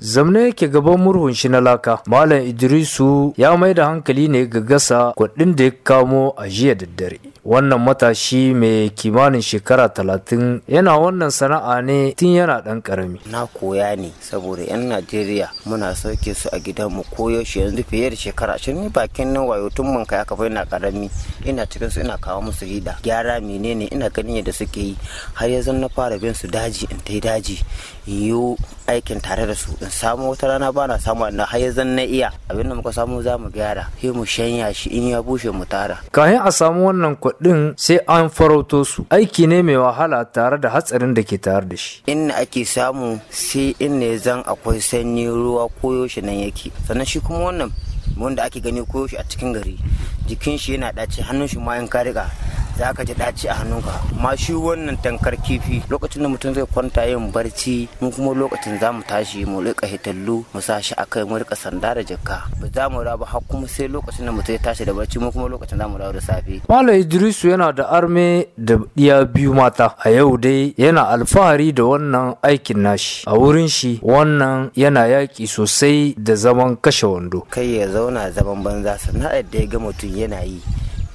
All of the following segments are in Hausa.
zamne yake gaban murhun shi na laka malam idrisu ya mai da hankali ne ga gasa kuɗin da ya kamo a jiya daddare wannan matashi mai kimanin shekara talatin yana wannan sana'a ne tun yana ɗan karami Na koya ne saboda 'yan Najeriya muna sauke su a gidanmu koyaushe yanzu fiye da shekara Shin ni bakin nan wayo tun mun kai aka ina ƙarami ina cikin su ina kawo musu hida gyara menene ina ganin yadda suke yi har yanzu na fara bin su daji in tai daji yiwu aikin tare da su in samu wata rana ba na samu na har yanzu na iya abin da muka samu za mu gyara sai mu shanya shi in ya bushe mu tara. kafin a samu wannan kuɗi din sai an farauto su aiki ne mai wahala tare da hatsarin da ke tare da shi in ake samu sai in ne zan akwai sanyi ruwa koyaushe nan yake sannan shi kuma wannan wanda ake gani koyaushe a cikin gari jikin shi yana ɗaci hannun shi ma in ka riga za ka ji ɗaci a hannunka amma shi wannan tankar kifi lokacin da mutum zai kwanta yin barci mu kuma lokacin za mu tashi mu rika hitallu mu sa shi kai mu rika sanda da jakka ba za mu raba har kuma sai lokacin da mutum ya tashi da barci mu kuma lokacin za mu raba da safe. Malam Idrisu yana da arme da ɗiya biyu mata a yau dai yana alfahari da wannan aikin nashi a wurin shi wannan yana yaki sosai da zaman kashe wando. Kai ya zauna zaman banza sana'ar da ya ga mutum yana yi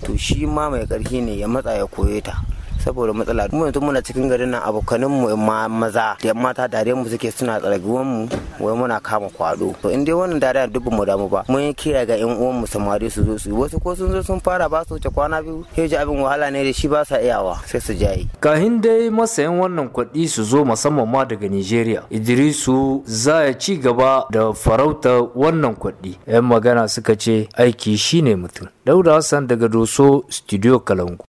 to shi ma mai ƙarfi ne ya matsa ya koye ta saboda matsala mu yanzu muna cikin garin nan abokanin mu maza da mata dare mu suke suna tsarguwan mu wai muna kama kwado to in dai wannan dare duk mu damu ba mun yi kira ga yan uwan mu samari su zo su wasu ko sun zo sun fara ba su wuce kwana biyu sai ji abin wahala ne da shi ba sa iyawa sai su jayi kahin dai masayan wannan kuɗi su zo musamman ma daga Nigeria Idrisu za ya ci gaba da farauta wannan kuɗi 'yan magana suka ce aiki shine mutum Dauda Hassan daga Doso Studio Kalangu